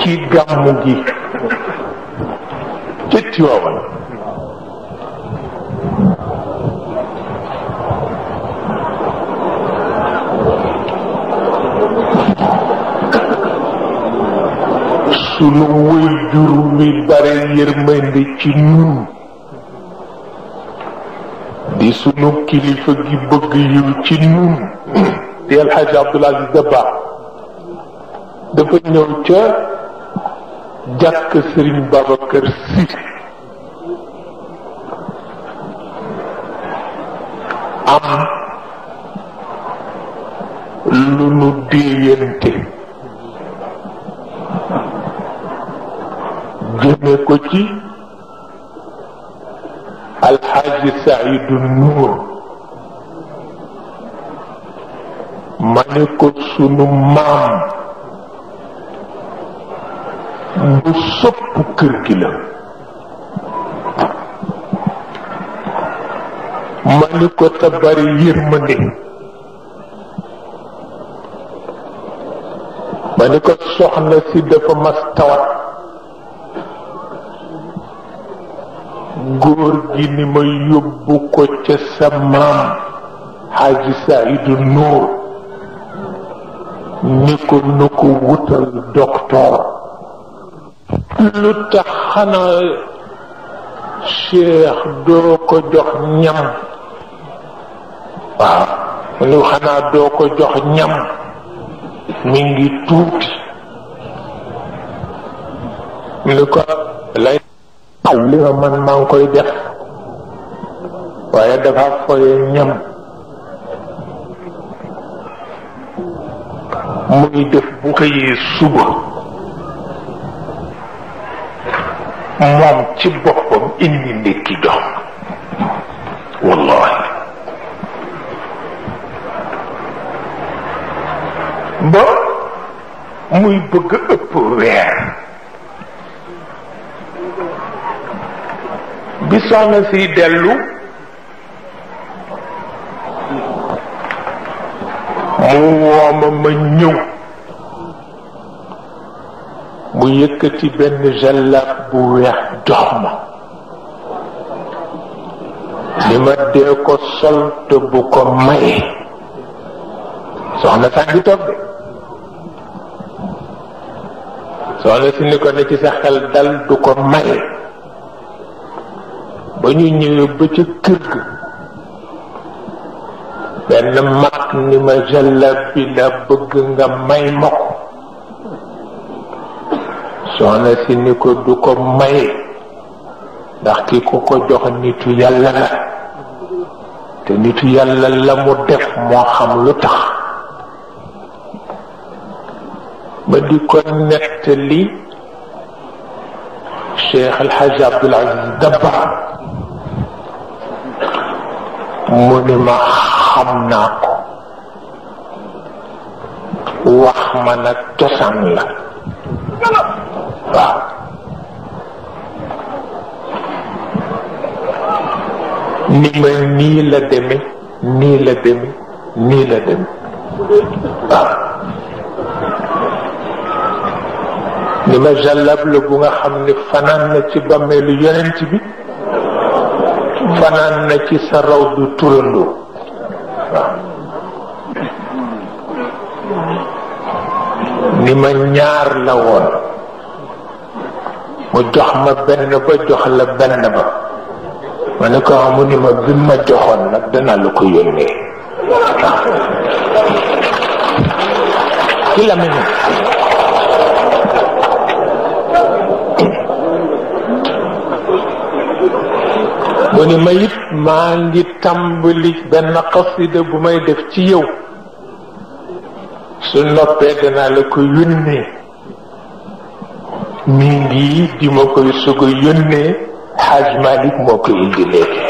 ci gàmmu gi ca Tiwaawan sunu waajur mi bare yërmande ci ñun di sunu kilifa gi bëgg yiw ci ñun di El Hadj Abdoul Aziz Dabakh dafa ñëw ca jàkk sëriñ Babacar Si am lu nu déeyante jëme ko ci alxaaji Saidu Nuur ma ne ko sunu maam bu sopp kër gi la ma ni ko te bari yërmande ma ni ko soxna si dafa mas tawat góor gi ni ma yóbbu ko ca sa maam xaaji Saidu Nuur ni ko nu ko wutal doktoor lu tax xanaa cheikh doo ko jox ñam waaw lu xanaa doo ko jox ñam mi ngi tuuti lu ko lay aw li nga man koy def waaye dafa foye ñam muy def bu xëyee suba moom ci boppam indi ndékki jox ma wallahi ba muy bëgg ëpp weer bi soxna si dellu mu wooma ma ñëw mu yëkkati benn jallab bu weex jox ma li ma dee ko sol te bu ko maye soxna sax di toog soxna si ni ko ne sa xel dal du ko maye ba ñu ñëwee ba ca kër ga benn mag ni ma jallab bi la bëgg nga may ma soxna si ni ko du ko may ndax ki ko ko jox nitu yàlla la te nitu yàlla la mu def moo xam lu tax ba di ko nettali cheikh alxaj abdul aziz dabbar mu ne ma xam naa ko wax ma nag tosan la waaw ni ma nii la deme nii la deme nii la deme waaw ni ma jàllab la bu nga xam ne fanaan na ci bàmmeelu yonent bi fanaan na ci sa raw du turandoo waaw ni ma ñaar la woon وجحم بن نبا جحل بن نبا ولك عمون ما بما جحل نبدنا لك يوني كلا منه وني ما يت ما عندي تامبلي بن قصيدة بما mi ngi di ma koy sug a yónnee xaaj Malick moo ko indi léegi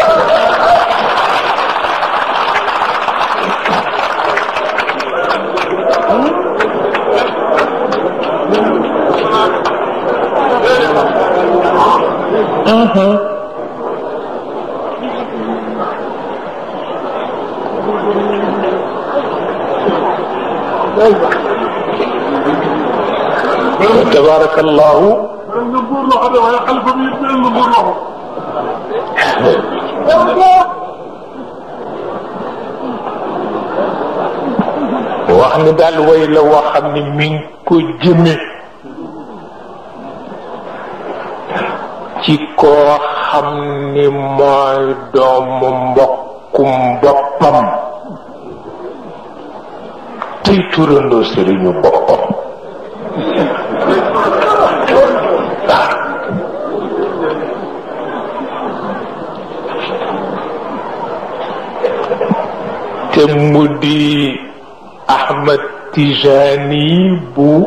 Thank you. تبارك الله وعن دال ويل وحن من كجم تي كو ما يدوم مبكم بطم تي تورندو سرينو بطم كمدي احمد تجاني بو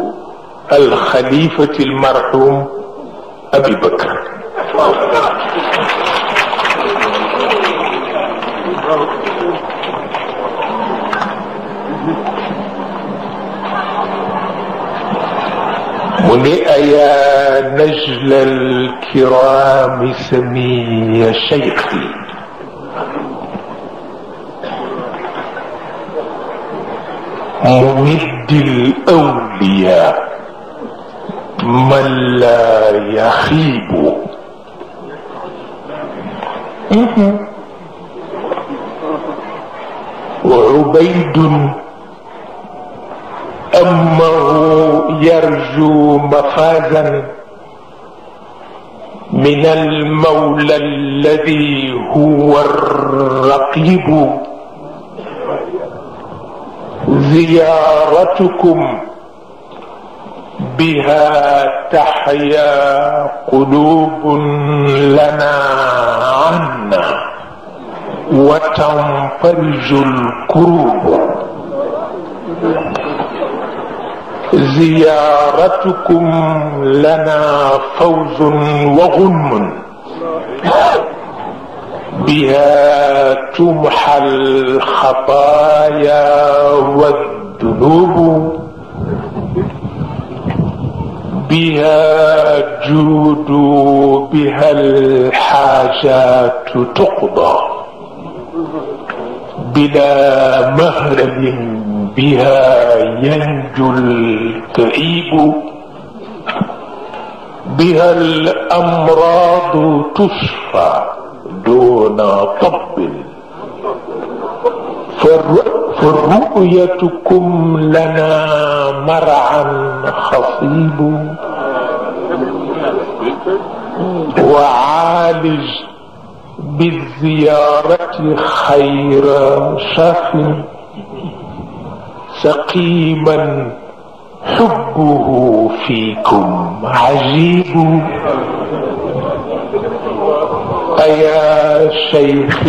الخليفة المرحوم ابي بكر منئ يا نجل الكرام سمي شيخي مود الأولياء من لا يخيب وعبيد أمه يرجو مفازا من المولى الذي هو الرقيب زيارتكم بها تحيا قلوب لنا عنا وتنفرج الكروب زيارتكم لنا فوز وغنم بها تمحى الخطايا والذنوب بها جود بها الحاجات تقضى بلا مهرب بها ينجو الكئيب بها الأمراض تشفى ربنا قبل فرؤيتكم لنا مرعا خصيب وعالج بالزيارة خير شاف سقيما حبه فيكم عجيب يا شيخ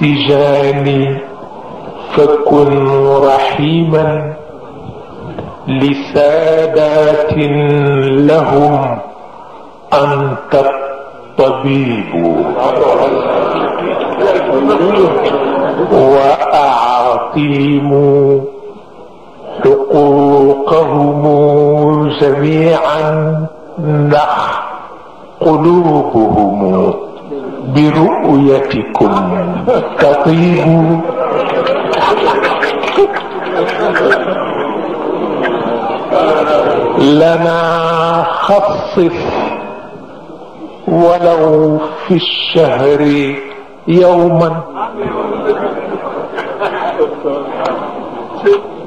التجاني فكن رحيما لسادات لهم أنت الطبيب واعطيم حقوقهم جميعا نح قلوبهم برؤيتكم تطيب لنا خصف ولو في الشهر يوما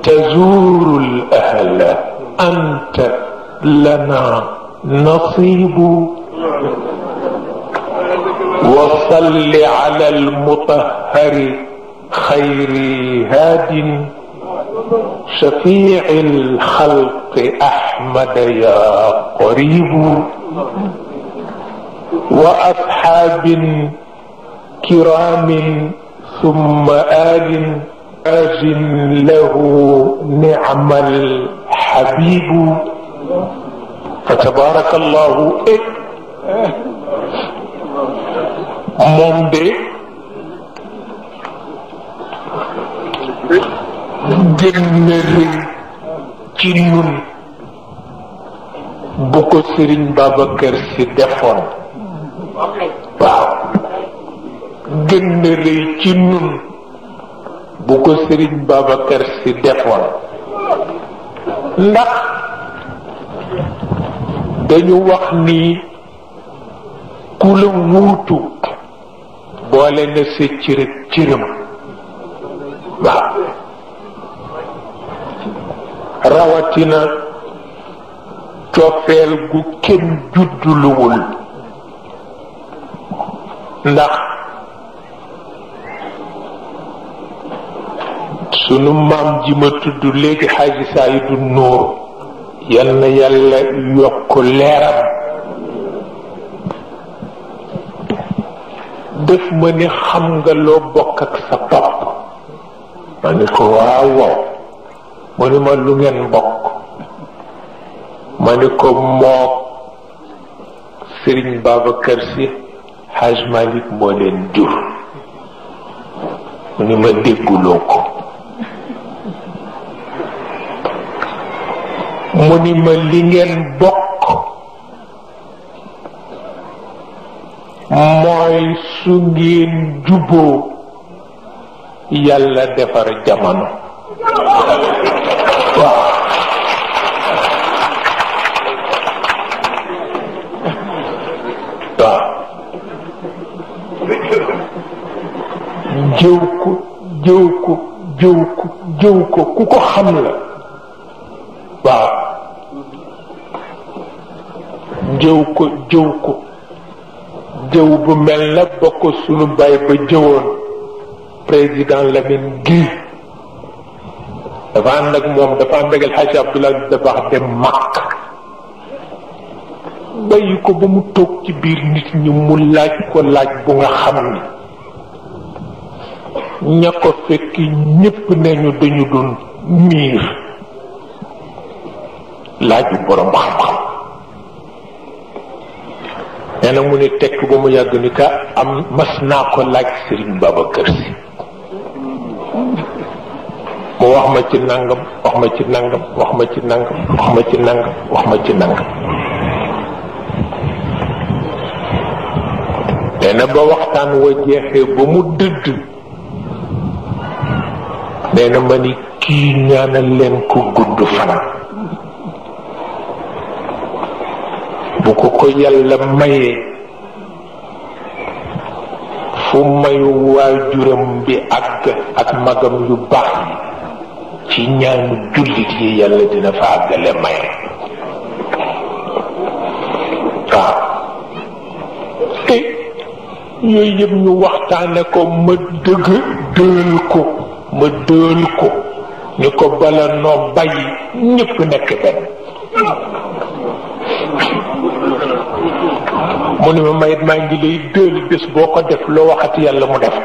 تزور الأهل أنت لنا نصيب وصل على المطهر خير هاد شفيع الخلق احمد يا قريب واصحاب كرام ثم ال اج له نعم الحبيب فتبارك الله إيه moom de gën na rëy ci ñun bu ko Serigne Babacar Sy defoon bu ko Serigne Babacar Sy ndax dañu wax ni ku la wuutu boole na sa cër ak cëram waaw rawatina cofeel gu kenn judduluwul ndax sunu maam ji ma tudd léegi xaaji Saydu Nuur yal na yàlla yokk leeram def ma ni xam nga loo bokk ak sa bopp ma ni ko waaw waaw mu ni ma lu ngeen bokk ma ni ko moo Sëriñ Babacar Si Haj Malik moo leen jur mu ni ma dégguloo ko mu ni ma li ngeen bokk mooy su ngeen juboo defar jamono waaw waaw jëw ko jëw ko ko jëw ku ko xam la waaw jëw bu mel na ba ko sunu baay ba jëwoon président Lamine Guèye dafa ànd moom dafa ànd ak El Hadj Abdoulaye dem màkk bàyyi ko ba mu toog ci biir nit ñi mu laaj ko laaj bu nga xam ni ña ko fekk ñépp nañu dañu doon miir laaju boroom xam-xam nee na mu ne tekk ba mu yàgg ni ka am masna naa ko laaj sëriñ Babacar si mu wax ma ci nangam wax ma ci nangam wax ma ci nangam wax ma ci nangam wax ma ci nangam nee na ba waxtaan wa jeexee ba mu dëdd nee ma ni kii ñaanal leen ko gudd fanaan ko ko yàlla mayee fu mayu waajuram bi àgg ak magam yu baax yi ci ñaanu jullit yi yàlla dina fa àggale maye waaw te yooyu yëpp ñu waxtaane ko ma dëgg dël ko ma dël ko ñu ko bala noo bàyyi ñëpp nekk benn mu ne ma mayit maa ngi lay déeli bés boo ko def loo waxati yàlla mu def